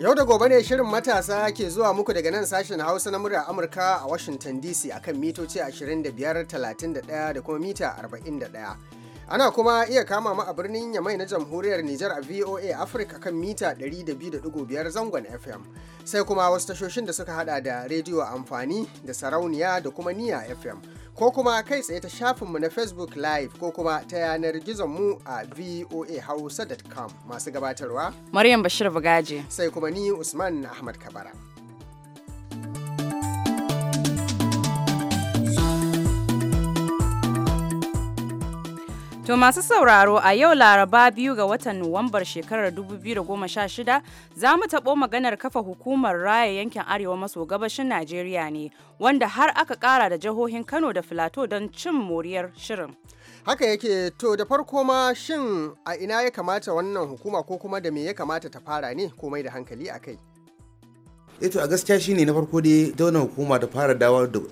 Yau da gobe ne shirin matasa ke zuwa muku daga nan sashen Hausa na murya Amurka a Washington DC akan mitoci 25.31 31 da kuma mita 41. Ana kuma iya kama mu a birnin Yamai na Jamhuriyar Nijar a VOA Africa kan mita 102.5 zangon FM. Sai kuma wasu tashoshin da suka hada da rediyo amfani da sarauniya da kuma niya FM. ko kuma kai tsaye ta shafinmu na Facebook Live ko kuma ta yanar gizonmu a voahausa.com masu gabatarwa. Maryam Bashir Bugaje. Sai kuma ni Usman Ahmad Kabara. To masu sauraro a yau laraba biyu ga watan Nuwambar shekarar 2016 za mu taɓo maganar kafa hukumar raya yankin arewa maso gabashin Najeriya ne wanda har aka ƙara da jihohin Kano da Filato don cin moriyar shirin. Haka yake to da farko ma shin a ina ya kamata wannan hukuma ko kuma da me ya kamata ta fara ne komai da hankali a kai. eto eh a gaskiya shine na farko dai wani hukuma ta fara dawa da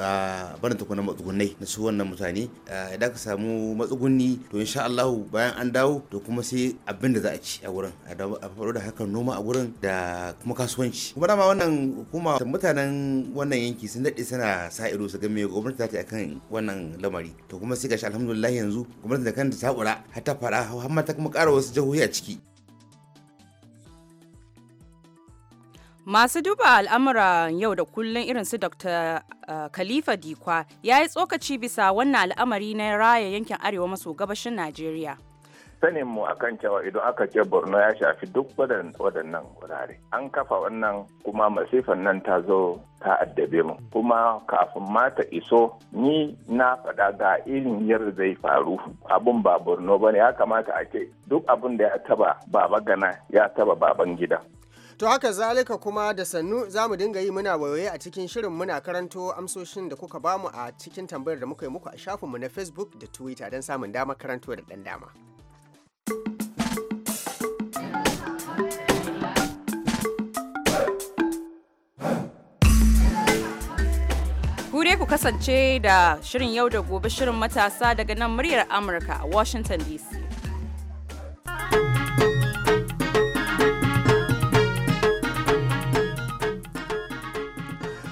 ta kuna matsugunai na su wannan mutane idan ka samu matsugunni to insha Allah bayan an dawo to kuma sai abin da za a ci a gurin a faɗo da hakan noma a gurin da kuma kasuwanci kuma dama wannan hukuma mutanen wannan yanki sun daɗe suna sa ido su ga me gwamnati ta ce akan wannan lamari to kuma sai gashi alhamdulillah yanzu gwamnati da kanta ta kura har ta fara har ma ta kuma ƙara wasu jihohi a ciki Masu duba al'amura yau da kullum irin su Dr. Eh, Khalifa Dikwa ya yi tsokaci bisa wannan al'amari na raya yankin arewa maso gabashin Najeriya. sanin mu kan cewa idan aka ce borno ya shafi duk waɗannan wurare an kafa wannan kuma masifan nan ta zo ta addabe mu kuma kafin ma ta iso ni na faɗa ga irin yadda zai faru abun ba borno ba ne ya kamata a ce duk abun da ya taba baba gana ya taba baban gida To haka zalika kuma da sannu za mu dinga yi muna wayoyi a cikin shirin muna karanto amsoshin da kuka bamu a cikin tambayar da muka yi muku a shafinmu na Facebook da Twitter don samun dama karanto da ɗan dama. dai ku kasance da shirin yau da gobe shirin matasa daga nan muryar Amurka a Washington DC.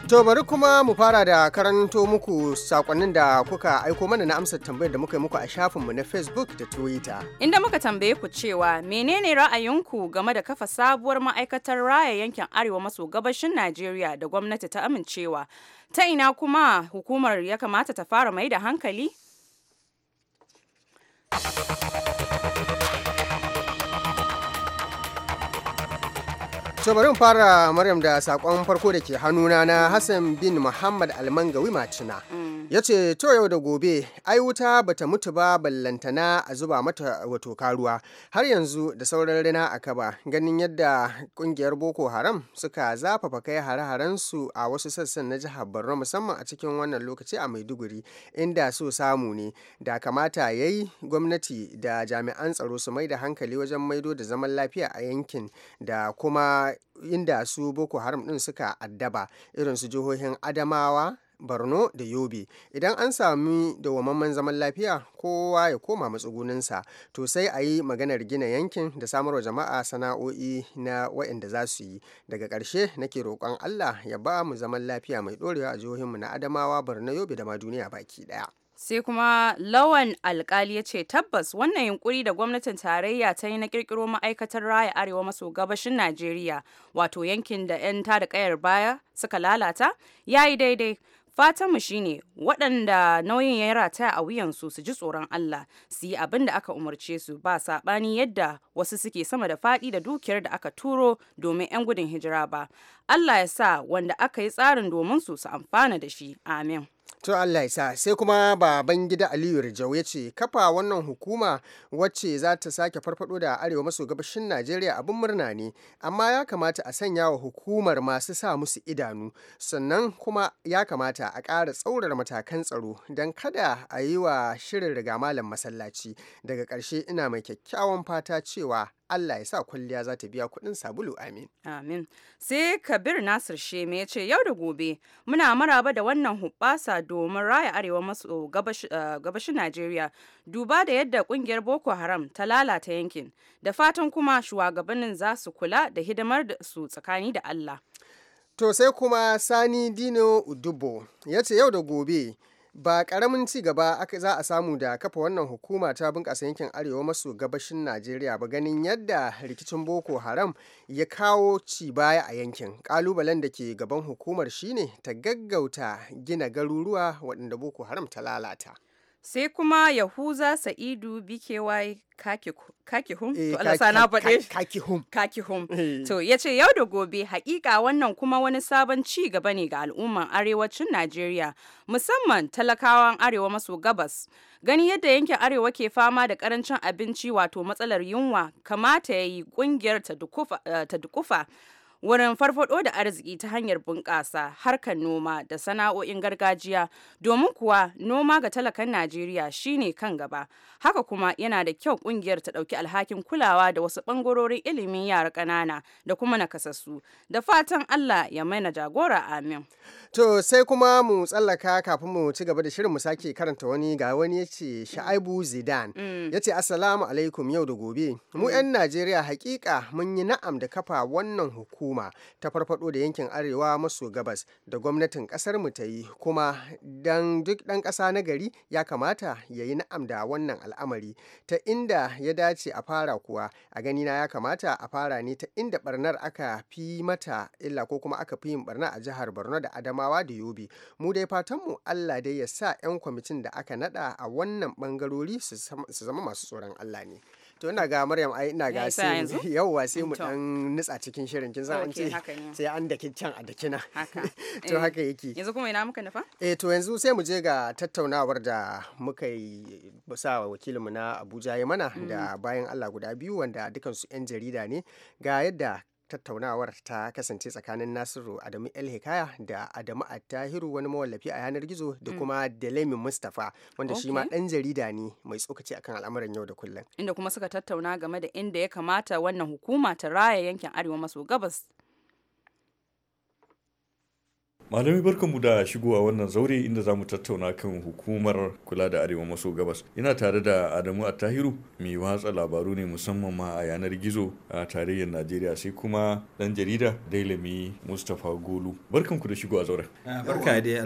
To bari kuma mu fara da karanto muku sakonnin da kuka aiko mana na amsar tambayar da muka yi muku a shafinmu na Facebook da Twitter. Inda muka tambaye ku cewa menene ra'ayinku game da kafa sabuwar ma'aikatar raya yankin Arewa maso gabashin Najeriya da gwamnati ta amincewa. Ta ina kuma hukumar ya kamata ta fara mai da hankali? To fara Maryam da sakon farko da ke hannuna na Hassan bin Muhammad Almangawi Macina. Mm. Ya ce to yau da gobe ai wuta bata mutu ba ballantana a zuba mata wato karuwa har yanzu da sauran rina a kaba ganin yadda kungiyar Boko Haram suka zafafa kai hare-haren su a wasu sassan na jihar Borno musamman a cikin wannan lokaci a Maiduguri inda so samu ne da kamata yayi gwamnati da jami'an tsaro su mai da hankali wajen maido da zaman lafiya a yankin da kuma inda su boko haram din suka addaba irin su jihohin adamawa barno da yobe idan an sami dawwammamen zaman lafiya kowa ya koma matsugunansa to sai a yi maganar gina yankin da samarwa jama'a sana'o'i na waɗanda za su yi daga ƙarshe nake roƙon allah ya ba mu zaman lafiya mai ɗorewa a jihohinmu na adamawa borno yobe da ma duniya baki ɗaya sai kuma lawan alkali ya ce tabbas wannan yunkuri da gwamnatin tarayya ta yi na kirkiro ma'aikatar raya arewa maso gabashin najeriya wato yankin da 'yan ta da kayar baya suka lalata ya yi daidai mu shine waɗanda nauyin ya rataya a wuyansu su ji tsoron Allah su yi abin da aka umarce su ba saɓani yadda wasu suke sama da faɗi da dukiyar da aka turo domin 'yan gudun hijira ba Allah ya sa wanda aka yi tsarin domin su su amfana da shi amin To Allah ya sai kuma baban gida Aliyu Rijau ya ce kafa wannan hukuma wacce za ta sake farfado da arewa maso gabashin Najeriya abin murna ne amma ya kamata a sanya wa hukumar masu sa musu idanu sannan kuma ya kamata a ƙara tsaurar matakan tsaro don kada a yi wa shirin riga malam masallaci daga ƙarshe ina mai kyakkyawan fata cewa Allah ya sa kwalliya za ta biya kuɗin sabulu amin. Amin. Sai Kabir Nasir Sheme ya ce yau da gobe muna maraba da wannan hubbasa domin raya arewa maso eh, gabashin Najeriya duba da yadda kungiyar Boko Haram ta lalata yankin da fatan kuma shugabannin za su kula da hidimar da su tsakani da Allah. To sai kuma Sani Dino Udubo ya ce yau da gobe ba karamin ci gaba za a samu da kafa wannan hukuma ta bunƙasa yankin arewa maso gabashin najeriya ba ganin yadda rikicin boko haram ya kawo ci baya a yankin ƙalubalen da ke gaban hukumar shine ta gaggauta gina garuruwa waɗanda boko haram ta lalata sai kuma yahuza sa'idu bky kakihum eh, to kakihum kakihum eh. to ya ce yau da gobe hakika wannan kuma wani sabon ci gaba ne ga al'umman arewacin najeriya musamman talakawan arewa maso gabas gani yadda yankin arewa ke fama da karancin abinci wato matsalar yunwa kamata ya yi kungiyar ta dukufa eh, wurin farfado da arziki ta hanyar bunƙasa harkar noma da sana'o'in gargajiya domin kuwa noma ga talakan Najeriya shine kan gaba. Haka kuma yana da kyau ƙungiyar ta ɗauki alhakin kulawa da wasu ɓangarorin ilimin yara ƙanana da kuma nakasassu. Da fatan Allah ya maina jagora amin. To sai kuma mu tsallaka kafin mu ci gaba da shirin mu sake karanta wani ga wani yace Sha'aibu Zidane mm. mm. yace Assalamu alaikum yau da gobe. Mu 'yan mm. Najeriya hakika mun yi na'am da kafa wannan hukuma hukuma ta farfado da yankin arewa maso gabas da gwamnatin kasar mu ta yi kuma dan duk dan kasa na gari ya kamata ya yi na'am da wannan al'amari ta inda ya dace a fara kuwa a ganina ya kamata a fara ne ta inda barnar aka fi mata illa ko kuma aka fi yin barna a jihar Borno da Adamawa da Yobe mu dai fatanmu Allah dai ya sa 'yan kwamitin da aka nada a wannan bangarori su zama masu tsoron Allah ne. to ina ga maryam ai ina ga sai yauwa sai mu dan nutsa cikin shirin kin san an ce sai an da can a dakina to eh, haka yake yanzu kuma ina muka nufa eh to yanzu sai mu je ga tattaunawar da muka yi sa mu na Abuja ya mana mm. da bayan Allah guda biyu wanda dukansu 'yan jarida ne ga yadda tattaunawar ta kasance tsakanin nasiru adamu el hikaya da adamu attahiru wani mawallafi a yanar gizo da mm. kuma delemi mustapha wanda shi ma dan jarida ne mai tsokaci akan al'amuran yau da kullum inda kuma suka tattauna game da inda ya kamata wannan hukuma ta raya yankin arewa maso gabas malami barkanmu da shigo a wannan zaure inda za mu tattauna kan hukumar kula da arewa maso gabas ina tare da adamu attahiru mai watsa labaru ne musamman ma a yanar gizo a tarayyar najeriya sai kuma dan jarida dailami mustapha golu ku da shigo a zauren ah, barka da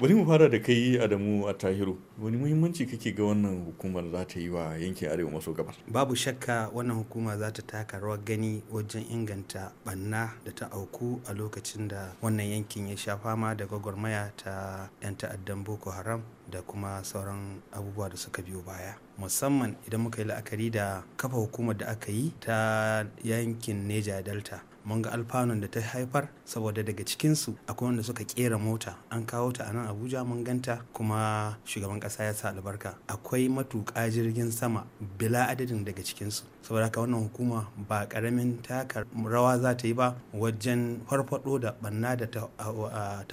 bari mu fara da kai adamu attahiru wani muhimmanci kake ga wannan hukumar za ta yi wa yankin arewa maso gabas babu shakka wannan hukuma za ta taka rawar gani wajen inganta banna da ta auku a lokacin da wannan yankin ya sha fama da gwagwarmaya ta 'yan ta'addan boko haram da kuma sauran abubuwa da suka biyo baya musamman idan muka yi la'akari da kafa hukumar da aka yi ta yankin neja delta mun ga alfanun da ta haifar saboda daga cikinsu akwai wanda suka kera mota an kawo ta a nan abuja mun ganta kuma shugaban kasa ya sa albarka akwai matuƙa jirgin sama bila adadin daga cikinsu saboda haka wannan hukuma ba karamin taka rawa za ta yi ba wajen farfado da banna da ta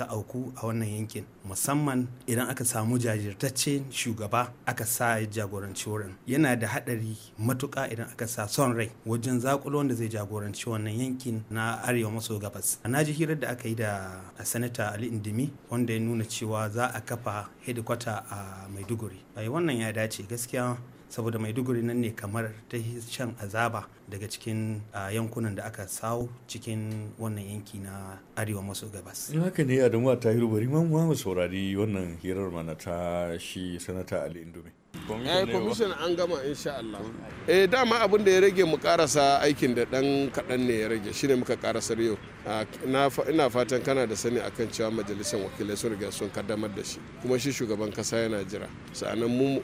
auku a wannan yankin musamman idan aka samu jajirtacce shugaba aka sa jagoranci wurin yana da haɗari matuƙa idan aka sa son rai wajen zakulo wanda zai jagoranci wannan yankin na arewa maso gabas na ji hirar da aka yi da sanata ali indimi wanda ya nuna cewa za a kafa hedikwata a maiduguri bai wannan ya dace gaskiya saboda maiduguri nan ne kamar ta shan azaba daga cikin yankunan da aka sawo cikin wannan yanki na arewa maso gabas in haka ne adamu a tahiru bari ma mu saurari wannan hirar mana ta shi sanata ali indimi eh commission an gama insha Allah eh dama abin da ya rage mu karasa aikin da dan kadan ne ya rage shine muka karasar yau ina fatan kana da sani akan cewa majalisar wakilai sun riga sun kaddamar da shi kuma shi shugaban kasa yana jira sa'annan mu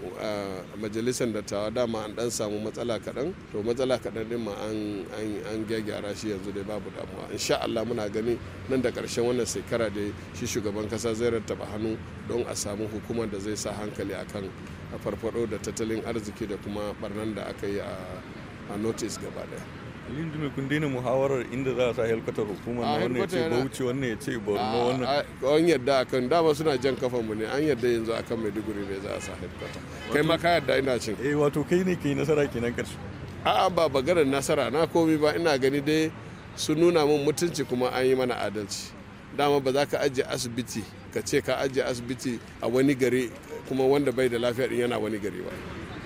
majalisar dattawa dama an dan samu matsala kadan to matsala kadan din ma an an gyagyara shi yanzu dai babu damuwa insha Allah muna gani nan da karshen wannan shekara dai shi shugaban kasa zai rattaba hannu don a samu hukumar da zai sa hankali akan a farfado da tattalin arziki da kuma barnan da aka yi a notice gaba daya Aliyu Dume kun daina muhawarar inda za a sa helkwatar hukuma na wannan ya ce Bauchi wannan ya ce Borno wannan. An yadda akan dama suna jan kafa mu ne an yadda yanzu akan Maiduguri ne za a sa helkwatar. Kai ma ka yadda ina cin. Eh wato kai ne kai nasara kenan karshe. A'a ba bagaran nasara na komi ba ina gani dai sun nuna min mutunci kuma an yi mana adalci. Dama ba za ka ajiye asibiti ka ce ka ajiye asibiti a wani gari kuma wanda bai da lafiya din yana wani gari ba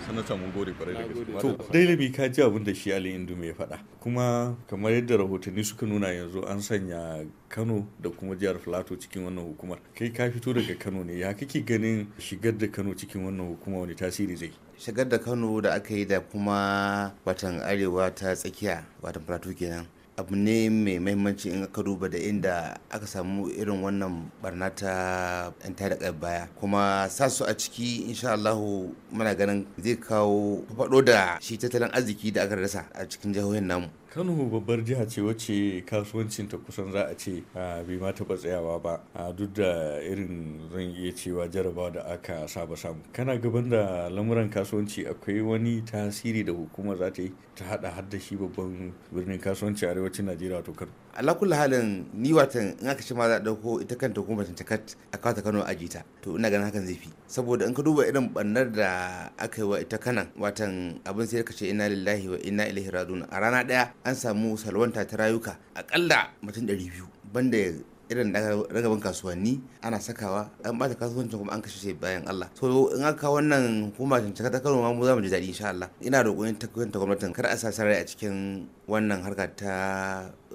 sanata mun gode kwarai da gaske to dai ka ji abin da shi Ali indu ya faɗa kuma kamar yadda rahotanni suka nuna yanzu an sanya Kano da kuma jihar Filato cikin wannan hukumar kai ka fito daga Kano ne ya kake ganin shigar da Kano cikin wannan hukuma wani tasiri zai shigar da Kano da aka yi da kuma watan arewa ta tsakiya watan Filato kenan abu ne mai mahimmanci in aka duba da inda aka samu irin wannan barna ta yan da baya kuma sa su a ciki insha Allahu muna ganin zai kawo faɗo da shi tattalin arziki da aka rasa a cikin jihohin namu kano babbar jiha ce wacce kasuwancin ta kusan za a ce bai ma taɓa tsayawa ba a duk da irin zan iya cewa jarabawa da aka saba samu kana gaban da lamuran kasuwanci akwai wani tasiri da hukuma za ta yi ta haɗa har da shi babban birnin kasuwanci arewacin najeriya to kano alakula kulli halin ni watan in aka ce ma za a dauko ita kanta hukumar tantakat a kawo ta Kano a jita to ina ganin hakan zai fi saboda in ka duba irin bannar da aka yi wa ita kanan watan abin sai ka ce ina lillahi wa ina ilahi raduna a rana daya an samu salwanta ta rayuka akalla mutum 200 banda irin ragaban kasuwanni ana sakawa an bata kasuwancin kuma an kashe bayan Allah so in aka wannan hukuma cancaka ta Kano ma mu za mu ji dadi insha Allah ina roƙon ta gwamnatin kar a sa sarai a cikin wannan harka ta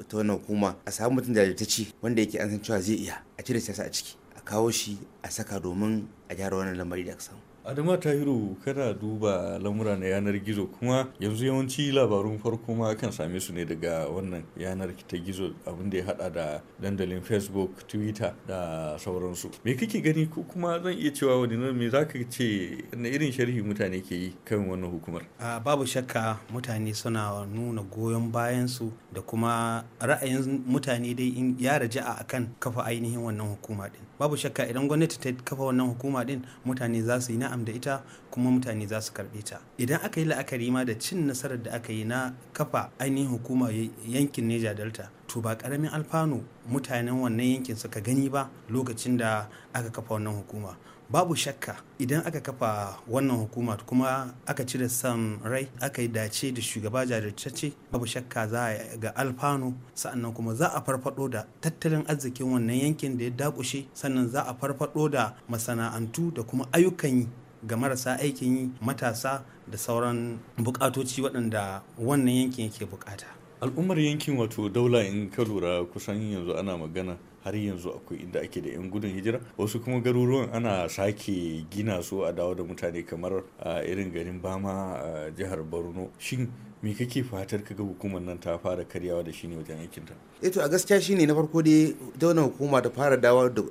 ta wannan hukuma a samu mutum da ta ci wanda yake an san cewa zai iya a cire siyasa a ciki a kawo shi a saka domin a gyara wannan lamari da aka samu Adama Tahiru kada duba lamura na yanar gizo kuma yanzu yawanci labarun farko ma kan same su ne daga wannan yanar ta gizo abin ya hada da dandalin Facebook, Twitter da sauransu. Me kake gani ko kuma zan iya cewa wani nan me zaka ce na irin sharhi mutane ke yi kan wannan hukumar? babu shakka mutane suna nuna goyon bayan su da kuma ra'ayin mutane dai in ya raja akan kafa ainihin wannan hukuma din. Babu shakka idan gwamnati ta kafa wannan hukuma din mutane za su yi na na'am da ita kuma mutane za su karɓe ta idan aka yi la'akari ma da cin nasarar da aka yi na kafa ainihin hukuma yankin neja delta to ba karamin alfano mutanen wannan yankin suka gani ba lokacin da aka kafa wannan hukuma babu shakka idan aka kafa wannan hukuma kuma aka cire san rai aka yi dace da shugaba jajirtacce babu shakka za a ga alfano sannan kuma za a farfado da tattalin arzikin wannan yankin da ya dakushe sannan za a farfado da masana'antu da kuma ayyukan yi? ga marasa aikin yi matasa da sauran bukatoci waɗanda wannan yankin yake bukata al'ummar yankin wato daula in ka lura kusan yanzu ana magana har yanzu akwai inda ake da 'yan gudun hijira wasu kuma garuruwan ana sake gina su a dawo da mutane kamar irin garin bama a jihar borno shin me kake fatar kaga hukumar nan ta fara karyawa da shi ne wajen aikin ta eh a gaskiya shine na farko dai ta wannan hukuma ta fara dawa da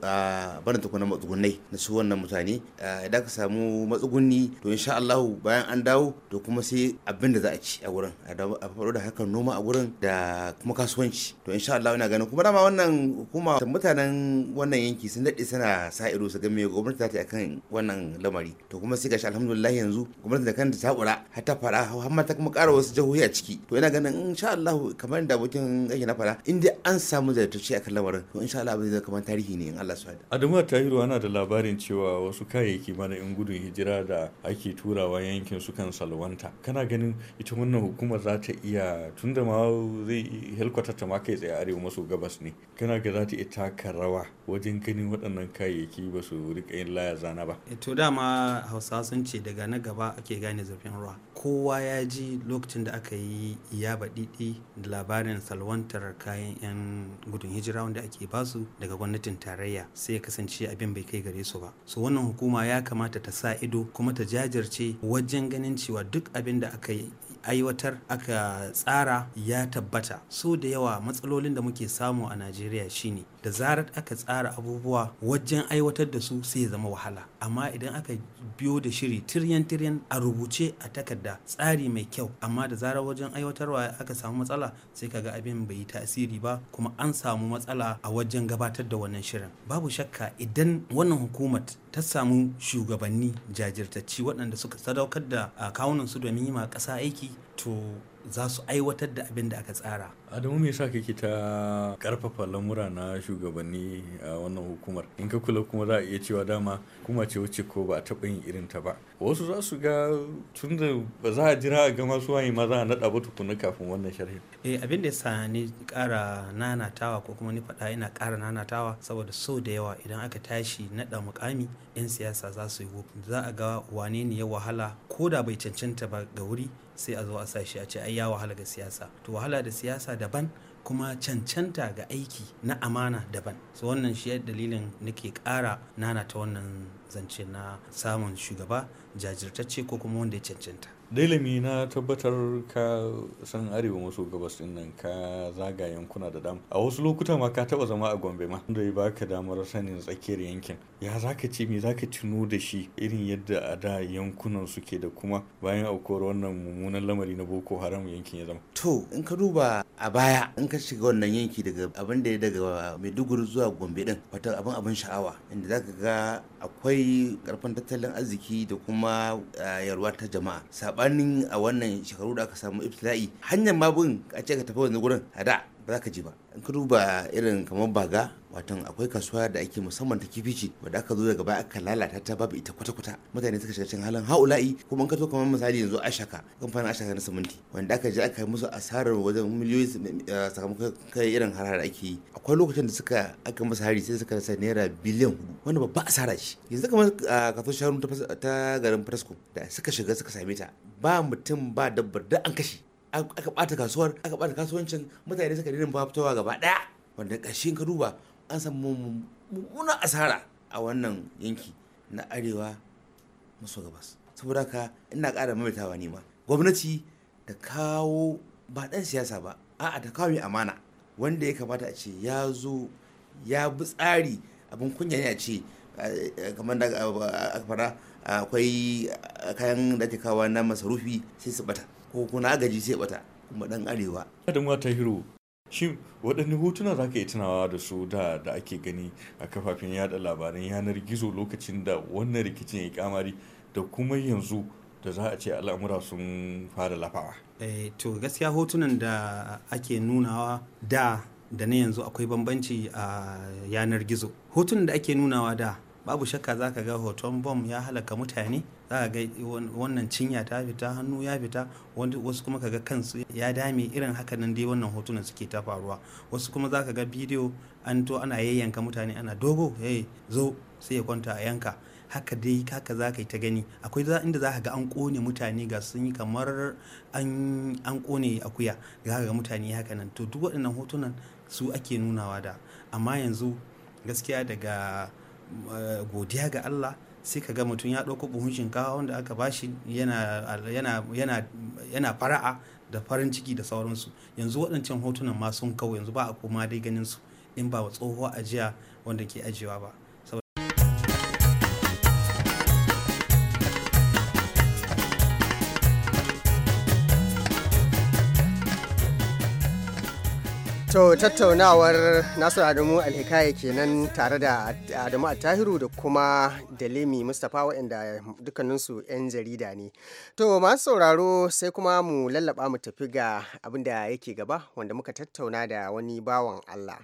bana ta kuna matsugunai na su wannan mutane idan ka samu matsugunni to insha Allah bayan an dawo to kuma sai abin da za a ci a gurin a faɗo da hakan noma a gurin da kuma kasuwanci to insha Allah ina ganin kuma dama wannan hukuma mutanen wannan yanki sun daɗe suna sa ido su ga me gwamnati ta akan wannan lamari to kuma sai gashi alhamdulillah yanzu gwamnati da kanta ta kura har ta fara har ma ta kuma ƙara wasu shahohi a ciki to ina ganin sha Allah kamar da abokin aiki na fara in an samu zartacce kan lamarin to sha Allah zai kamar tarihi ne in Allah su hada Adamu Tahiru ana da labarin cewa wasu kayayyaki mana in gudun hijira da ake turawa yankin su kan salwanta kana ganin ita wannan hukumar za ta iya tunda ma zai helkwata ta ma kai tsaye arewa maso gabas ne kana ga za ta iya taka rawa wajen ganin waɗannan kayayyaki ba su rika yin laya zana ba. Eh, to dama hausa sun ce daga na gaba ake gane zafin ruwa kowa ya ji lokacin da aka yi iya baɗiɗi da labarin salwantar kayan 'yan gudun hijira wanda ake basu daga gwamnatin tarayya sai ya kasance abin bai kai gare su ba so wannan hukuma ya kamata ta sa ido kuma ta jajirce wajen ganin cewa duk abin da aka yi aiwatar aka tsara ya tabbata so da yawa matsalolin da muke samu a najeriya shine da zarar aka tsara abubuwa wajen aiwatar da su sai zama wahala amma idan aka biyo da shiri tiryan tiryan a rubuce a takarda tsari mai kyau amma da zarar wajen aiwatarwa aka samu matsala sai kaga abin bai yi tasiri ba kuma an samu matsala a wajen gabatar da wannan shirin babu shakka idan wannan hukumar ta samu shugabanni jajirtacci waɗanda suka sadaukar da kawunan su domin yi ma ƙasa aiki to za su aiwatar da abin da aka tsara. Adamu me yasa kake ta karfafa lamura na shugabanni a wannan hukumar? In ka kula kuma za a iya cewa dama kuma ce wuce ko ba a taɓa yin irin ta ba. Wasu za su ga tun da ba za a jira a ga masu wani ma za a naɗa ba tukuna kafin wannan sharhi. Eh abin da yasa ni ƙara nanatawa ko kuma ni faɗa ina ƙara nanatawa saboda so da yawa idan aka tashi naɗa mukami 'yan siyasa za su yi za a ga wane ne ya wahala ko da bai cancanta ba ga wuri sai a zo a sashi a ce ai ya wahala ga siyasa to wahala da siyasa daban kuma cancanta ga aiki na amana daban so wannan shi dalilin nake ƙara nana ta wannan zance na samun shugaba jajirtacce ko kuma wanda ya cancanta dalami na tabbatar ka san arewa maso gabas din nan ka zaga yankuna da dama a wasu lokuta ma ka taba zama a gombe ma da ya baka damar sanin tsakiyar yankin ya zaka ce me zaka tuno da shi irin yadda a da yankunan suke da kuma bayan aukuwar wannan mummunan lamari na boko haram yankin ya zama to in ka duba a baya in ka shiga wannan yanki daga abin da ya daga maiduguri zuwa gombe din wata abin abin sha'awa inda zaka ga akwai yi karfin tattalin arziki da kuma yarwa ta jama'a sabanin a wannan shekaru da aka samu ibtila'i hanyar ma a ce ka tafi wani gurin a da ba za ka ji ba in ka duba irin kamar baga watan akwai kasuwa da ake musamman ta kifici wadda aka zo daga baya aka lalata ta babu ita kwata-kwata mutane suka shiga cikin halin haula'i kuma in ka zo kamar misali yanzu ashaka kamfanin ashaka na siminti wanda aka je aka yi musu asarar wajen miliyoyi eh, sakamakon kai irin harar ake yi akwai lokacin da suka aka musu hari sai suka rasa naira biliyan hudu wanda babba asara ce yanzu kamar ah, kaso shanu ta garin fataskum da suka shiga suka same ta ba mutum ba dabbar da an kashe aka bata kasuwar aka bata kasuwancin mutane suka daina fitowa gaba daya wanda ƙarshen ka duba an samu mummuna asara a wannan yanki na arewa maso gabas saboda haka ina ƙara maimaitawa ne ma gwamnati da kawo ba ɗan siyasa ba a'a ta kawo amana wanda ya kamata a ce ya zo ya bi tsari abin kunya ne a ce eh, kamar da aka fara akwai kayan da ta kawo na masarufi sai su bata ko kuna agaji sai bata kuma dan arewa adam wata hiro shin waɗanne hotuna za ka yi tunawa da su da da ake gani a kafafen yada labaran yanar gizo lokacin da wannan rikicin ya kamari da kuma yanzu da za a ce al'amura sun fara lafawa eh, to gaskiya hotunan da ake nunawa da da na yanzu akwai bambanci a yanar gizo hotunan da ake nunawa da babu shakka za ka ga hoton bom ya halaka mutane za ka ga wannan cinya ta fita hannu ya fita wasu kuma ka ga kansu ya dame irin haka nan dai wannan hotunan suke ta faruwa wasu kuma za ka ga bidiyo an to ana yayyanka mutane ana dogo hey, zo sai ya kwanta a yanka haka dai kaka za ka yi ta gani akwai inda za ka ga an kone mutane ga sun yi kamar an kone akuya za ka ga mutane haka nan to duk waɗannan hotunan su ake nunawa da amma yanzu gaskiya daga godiya ga Allah sai ka ga mutum ya ɗauko buhun shinkawa wanda aka ba shi yana fara'a da farin ciki da sauransu yanzu waɗancan hotunan ma sun kawo yanzu ba a koma dai ganin su in ba wa tsohuwa ajiya wanda ke ajiyewa ba To tattaunawar Nasu Adamu Alhikaya kenan tare da Adamu al-tahiru da kuma Dalimi Mustapha waɗanda dukkaninsu 'yan jarida ne. To masu sauraro sai kuma mu lallaba mu tafi ga abin da yake gaba wanda muka tattauna da wani bawan Allah.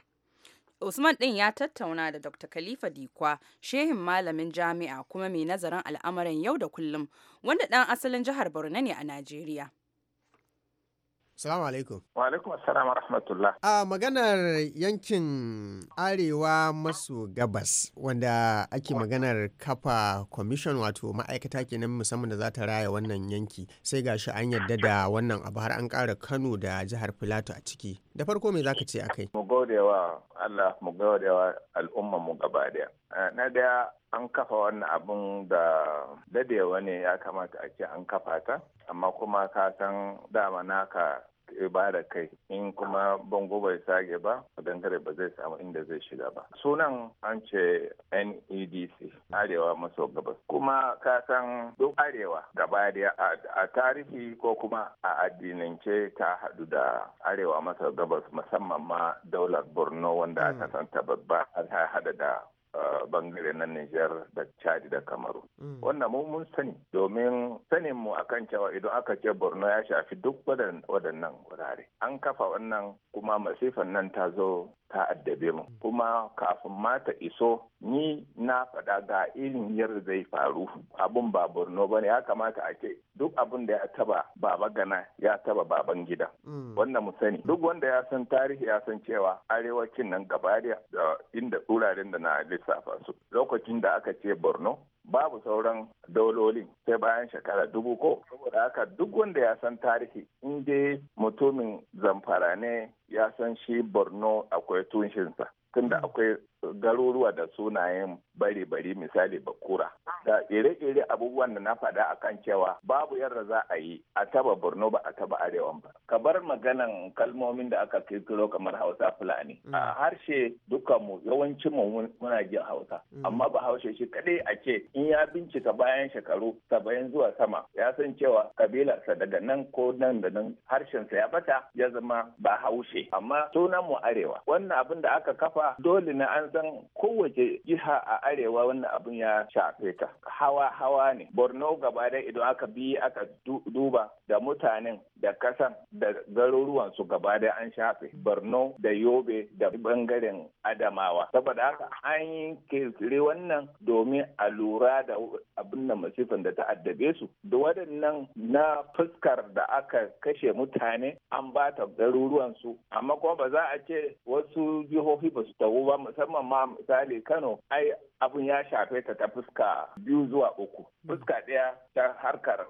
Usman ɗin ya tattauna da Dr. Khalifa Dikwa, shehin malamin jami'a kuma mai nazarin al'amuran yau da kullum, wanda ɗan asalin jihar Borno ne a Najeriya. Salamu alaikum. Wa alaikum assalam wa rahmatullah. A maganar yankin Arewa maso gabas wanda ake maganar kafa commission wato ma'aikata kenan musamman da za ta raya wannan yanki sai ga shi an yarda da wannan abu har an kara Kano da jihar Filato a ciki. Da farko me zaka ce akai? Mu gode wa Allah mu gode wa al'umma mu gaba daya. Eh, na daya an kafa wannan abun da dadewa ne ya kamata a ce an kafa ta amma kuma ka san dama naka ba da kai in kuma bango bai sage ba dangare ba zai samu inda zai shiga ba sunan an ce nedc arewa maso gabas kuma ka san duk arewa gaba daya a tarihi ko kuma a addinance ta hadu da arewa maso gabas musamman ma daular borno wanda aka hmm. santa babba har hada da bangare na Nijar da Chad da Kamaru. Mm. Wannan mu mun sani domin sanin mu kan cewa idan aka ce Borno ya shafi duk waɗannan wurare. An kafa wannan kuma masifan nan ta zo ta addabe mu kuma kafin ma ta iso ni na faɗa ga irin 'yar zai faru abun ba borno ba ne ya kamata a ce duk abun da ya taba baba gana ya taba baban gida mm. wannan mu sani duk wanda ya san tarihi ya san cewa arewacin nan gabariya da inda wuraren da na lissafa su lokacin da aka ce borno babu sauran dauloli sai bayan shekara dubu ko saboda haka duk wanda ya san tarihi in je mutumin zamfara ne ya san shi borno akwai tunshinsa tunda hmm. akwai garuruwa da sunayen bari bari misali bakura da ire-ire abubuwan da na faɗa kan cewa babu yadda za a yi a taba borno ba a taba arewan ba ka bar maganan kalmomin da aka kirkiro kamar hausa fulani mm. a harshe dukkanmu yawancin mu muna jin hausa mm. amma ba haushe shi kadai a ce in ya bincika bayan shekaru saba'in zuwa sama ya san cewa kabilarsa daga nan ko nan da nan harshensa ya bata ya zama ba haushe amma sunan mu arewa wannan abin da aka kafa dole na an zan kowace jiha a arewa wanda abin ya shafe ta hawa hawa ne borno gaba da idan aka bi aka duba da mutanen da kasan da garuruwan su gaba da an shafe borno da yobe da bangaren adamawa saboda haka an yi kirkiri wannan domin a lura da abin da masifin da ta su da waɗannan na fuskar da aka kashe mutane an ba ta garuruwan su amma kuma ba za a ce wasu jihohi ba su tawo ba musamman musamman ma misali Kano ai abun ya shafe ta ta fuska biyu zuwa uku. Hmm. Fuska ɗaya ta harkar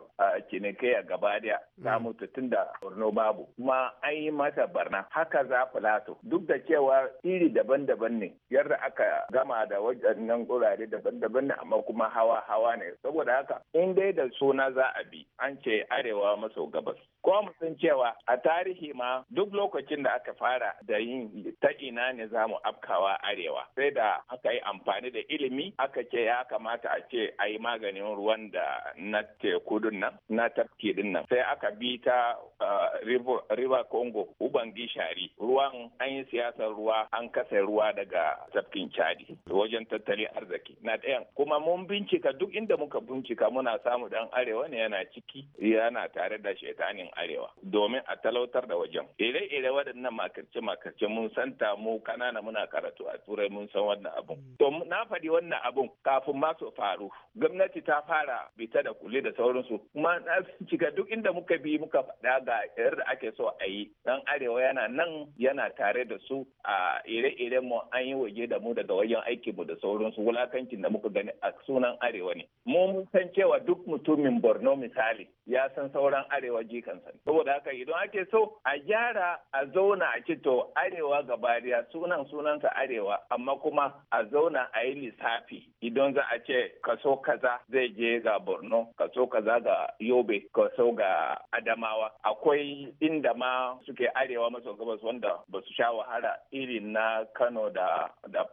cinikayya gaba daya ta hmm. mutu tun da Borno babu. Kuma an yi mata barna haka za Filato. Duk da cewa iri daban-daban ne yadda aka gama da wajen gurare daban-daban ne amma kuma hawa-hawa ne. Saboda haka in dai da suna za a bi an ce arewa maso gabas. Ko mu san cewa a tarihi ma duk lokacin da aka fara da yin ta ina ne zamu afkawa arewa. yawa sai da aka yi amfani da ilimi aka ce ya kamata a ce a yi maganin ruwan da na teku nan na tafki din nan sai aka bi ta uh, river congo uban gishari ruwan an yi siyasar ruwa an kasa ruwa daga tafkin chadi wajen tattalin arziki na ɗayan kuma mun bincika duk inda muka bincika muna samu dan arewa ne yana ciki yana tare da shaitanin arewa domin a talautar da wajen ire-ire waɗannan makarce makarce mun santa mu kanana muna karatu a turai mun san wannan abun. To na faɗi wannan abun kafin ma su faru. Gwamnati ta fara bita da kule da sauransu. Kuma na cika duk inda muka bi muka faɗa ga yar da ake so a yi. Dan Arewa yana nan yana tare da su a ire-iren mu an yi waje da mu daga wajen aiki mu da sauransu wulakancin da muka gani a sunan Arewa ne. Mun san cewa duk mutumin Borno misali ya san sauran Arewa jikansa. Saboda haka idan ake so a gyara a zauna a ce to Arewa gabariya sunan sunansa Arewa amma kuma a zauna a yi lissafi idan za a ce kaso kaza zai je ga borno kaso kaza ga yobe kaso ga adamawa akwai inda ma suke arewa maso gabas wanda ba su sha wahala irin na kano da da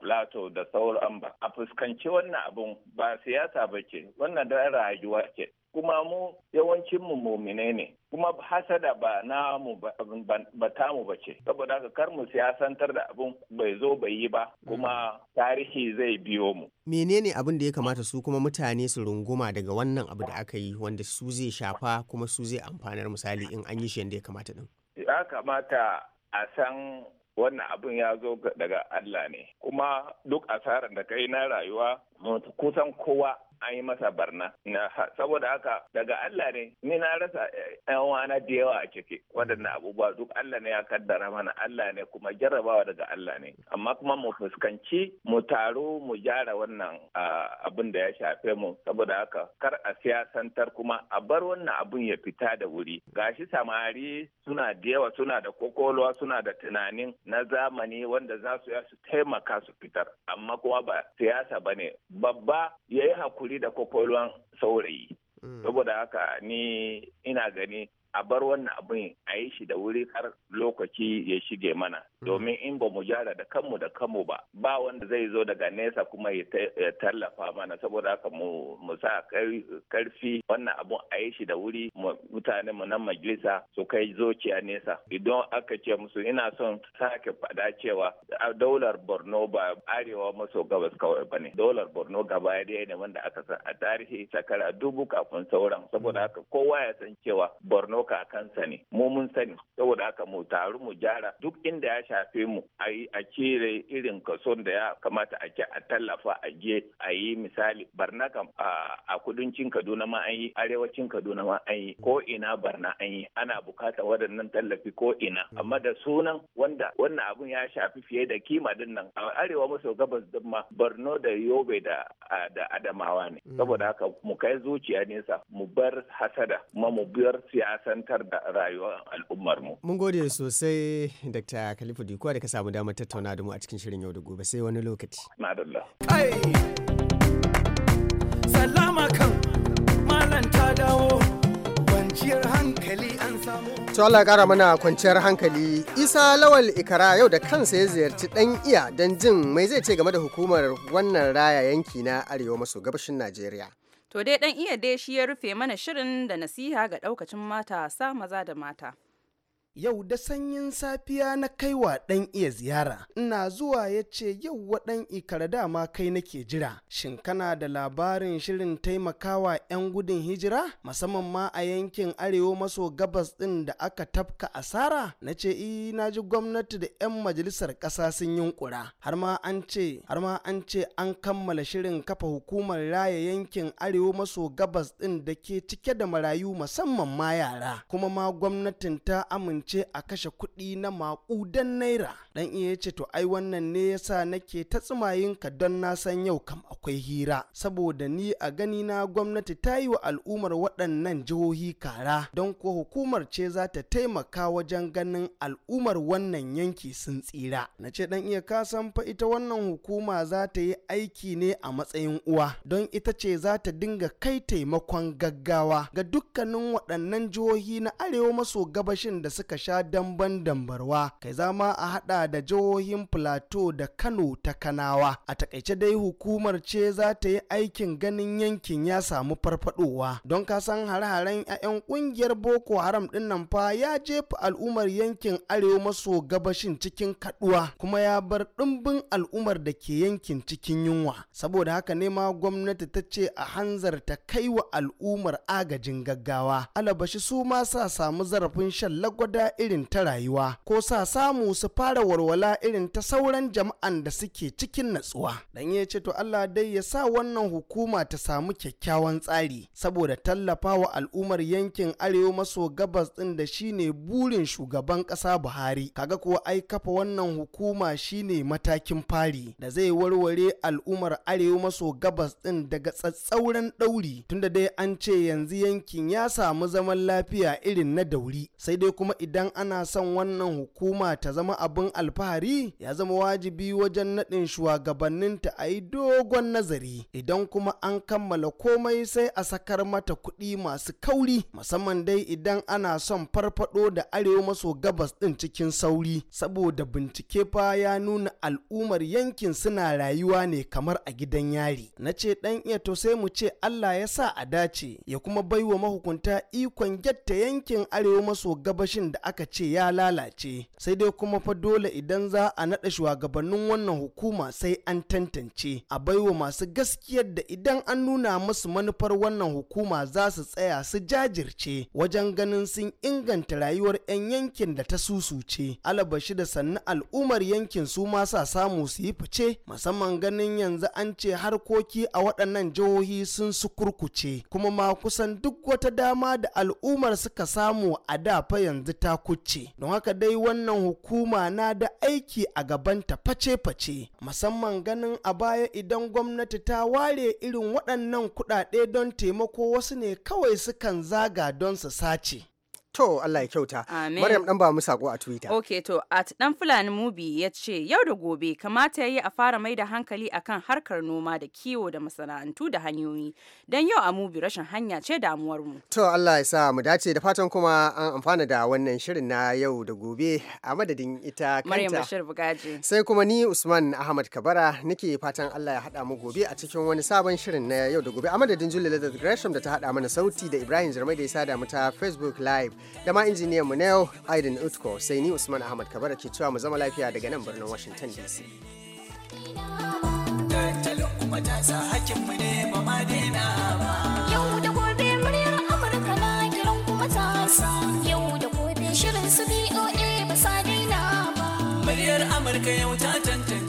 da sauran ba a fuskanci wannan abun ba siyasa ba ce wannan da rayuwa ce kuma mu yawancin mu mumine ne kuma hasada ba na mu ba ta mu bace saboda haka kar mu siyasantar da abun bai zo bai yi ba kuma tarihi zai biyo mu menene abin da ya kamata su kuma mutane su runguma daga wannan abu da aka yi wanda su zai shafa kuma su zai amfanar misali in an yi shi yadda ya kamata din ya kamata a san wannan abin ya zo daga Allah ne kuma duk asarar da kai na rayuwa kusan kowa an yi masa barna saboda haka daga Allah ne ni na rasa eh, yan wana da yawa a ciki waɗannan abubuwa duk Allah ne ya kaddara mana Allah ne kuma jarrabawa daga Allah ne amma kuma mu fuskanci mu taro mu gyara wannan abin da ya shafe mu saboda haka kar a siyasantar kuma a bar wannan abun ya fita da wuri gashi samari suna da yawa suna da kokolwa suna da tunanin na zamani wanda za su ya su taimaka su fitar amma kuma ba siyasa bane babba yayi hakuri hakuri da kwakwalwan saurayi mm. saboda haka ni ina gani a bar wannan abin a yi shi da wuri har lokaci ya shige mana hmm. domin in ba mu gyara da kanmu da kanmu ba ba wanda zai zo daga nesa kuma ya tallafa mana saboda haka mu sa karfi wannan abun a yi shi da wuri mutane mu na majalisa su kai zuciya nesa idan aka ce musu ina son sake fada cewa daular borno ba arewa maso gabas kawai ba ne daular borno gaba ya ne wanda aka san a tarihi shekara dubu kafin sauran saboda hmm. haka kowa ya san cewa borno ɗauka a kansa ne mu mun sani saboda haka mu taru mu gyara duk inda ya shafe mu a yi a cire irin kason da ya kamata a a tallafa a je a yi misali barna kam a kudancin kaduna ma an yi arewacin kaduna ma an yi ko ina barna an yi ana bukata waɗannan tallafi ko ina amma da sunan wanda wannan abun ya shafi fiye da kima din nan a arewa maso gabas din ma borno da yobe da da adamawa ne mm. saboda haka mu kai zuciya nesa mu bar hasada kuma mu bar siyasa tantar da rayuwar al'ummar mu. Mun gode sosai Dr. Khalifu Dikuwa da ka samu damar tattauna da mu a cikin shirin yau da gobe sai wani lokaci. Salama ta dawo kwanciyar hankali an To Allah kara mana kwanciyar hankali. Isa Lawal Ikara yau da kansa ya ziyarci dan iya don jin mai zai ce game da hukumar wannan raya yanki na arewa maso gabashin Najeriya. To dai dan iya dai shi ya rufe mana shirin da nasiha ga daukacin sa maza da mata. yau da sanyin safiya na kaiwa ɗan iya ziyara ina zuwa ya ce yau waɗan ikara dama kai nake jira shin kana da labarin shirin taimakawa 'yan gudun hijira musamman ma a yankin arewa maso gabas ɗin da aka tafka asara na ce i eh, na ji gwamnati da 'yan majalisar ƙasa sun yunkura har ma an ce har ma an ce an kammala shirin kafa hukumar raya yankin arewa maso gabas ɗin da ke cike da marayu musamman ma yara kuma ma gwamnatin ta amince kasance a kashe kuɗi na maƙudan naira dan iya ce to ai wannan ne yasa nake ta tsimayin ka don na san yau kam akwai hira saboda ni a gani na gwamnati ta yi wa al'ummar waɗannan jihohi kara don ko hukumar ce za ta taimaka wajen ganin al'umar wannan yanki sun tsira na ce dan iya ka san fa ita wannan hukuma za ta yi aiki ne a matsayin uwa don ita ce za ta dinga kai taimakon gaggawa ga dukkanin waɗannan jihohi na arewa maso gabashin da suka sha damban dambarwa kai zama a hada da jihohin plateau da kano ta kanawa a takaice dai hukumar ce za ta yi aikin ganin yankin ya samu farfadowa don kasan hare-haren 'ya'yan kungiyar boko haram dinnan fa ya jefa al'ummar yankin arewa maso gabashin cikin kaduwa kuma ya bar dimbin al'ummar da ke yankin cikin yunwa saboda haka ne ma gwamnati ta ce a hanzarta kai wa al'umar agajin gaggawa alabashi su ma sa samu zarafin shan lagwada irin ta rayuwa ko sa samu su fara warwala irin ta sauran jama'an da suke cikin natsuwa dan ya ce to Allah dai ya sa wannan hukuma ta samu kyakkyawan tsari saboda tallafawa al'ummar yankin arewa maso gabas din da shine burin shugaban ƙasa Buhari kaga kuwa ai kafa wannan hukuma shine matakin fari da zai warware al'ummar arewa maso gabas din daga tsatsauran dauri tunda dai an ce yanzu yankin ya samu zaman lafiya irin na dauri sai dai kuma idan ana son wannan hukuma ta zama abin alfahari ya zama wajibi wajen naɗin ta a yi dogon nazari idan kuma an kammala komai sai a sakar mata kuɗi masu kauri musamman dai idan ana son farfado da arewa maso gabas ɗin cikin sauri saboda bincike fa ya nuna al'ummar yankin suna rayuwa ne kamar a gidan yari na ce ɗan iya to sai mu ce allah ya sa a dace ya kuma baiwa mahukunta ikon gyatta yankin arewa maso gabashin da aka ce ya lalace sai dai kuma fa dole idan za a naɗa shugabannin wannan hukuma sai an tantance a baiwa masu gaskiyar da idan an nuna musu manufar wannan hukuma za su tsaya su jajirce wajen ganin sun inganta rayuwar 'yan yankin da ta susuce alabashi da sannu al'ummar yankin su ma sa samu su yi fice musamman ganin yanzu an ce harkoki a waɗannan jihohi sun su kurkuce kuma ma kusan duk wata dama da al'ummar suka samu a da fa yanzu ta ta kucce don haka dai wannan hukuma na da aiki a gabanta face-face musamman ganin a baya idan gwamnati ta ware irin waɗannan kuɗaɗe don taimako wasu ne kawai sukan zaga don su sace To Allah ya kyauta. Maryam dan ba mu sako a Twitter. Ok to at dan Fulani Mubi ya ce yau da gobe kamata ya yi a fara mai da hankali akan harkar noma da kiwo da masana'antu da hanyoyi. Dan yau a Mubi rashin hanya ce damuwar mu. To Allah ya sa mu dace da fatan kuma an amfana da wannan shirin na yau da gobe a madadin ita kanta. Maryam Bashir Bugaji. Sai kuma ni Usman Ahmad Kabara nake fatan Allah ya hada mu gobe a cikin wani sabon shirin na yau da gobe a madadin Julie Leather Gresham da ta haɗa mana sauti da Ibrahim Jarmai da ya sada mu ta Facebook Live. da ma injiniyan mu na yau Aidin Utko sai ni Usman Ahmad Kabara ke cewa mu zama lafiya daga nan birnin Washington DC. Amurka ta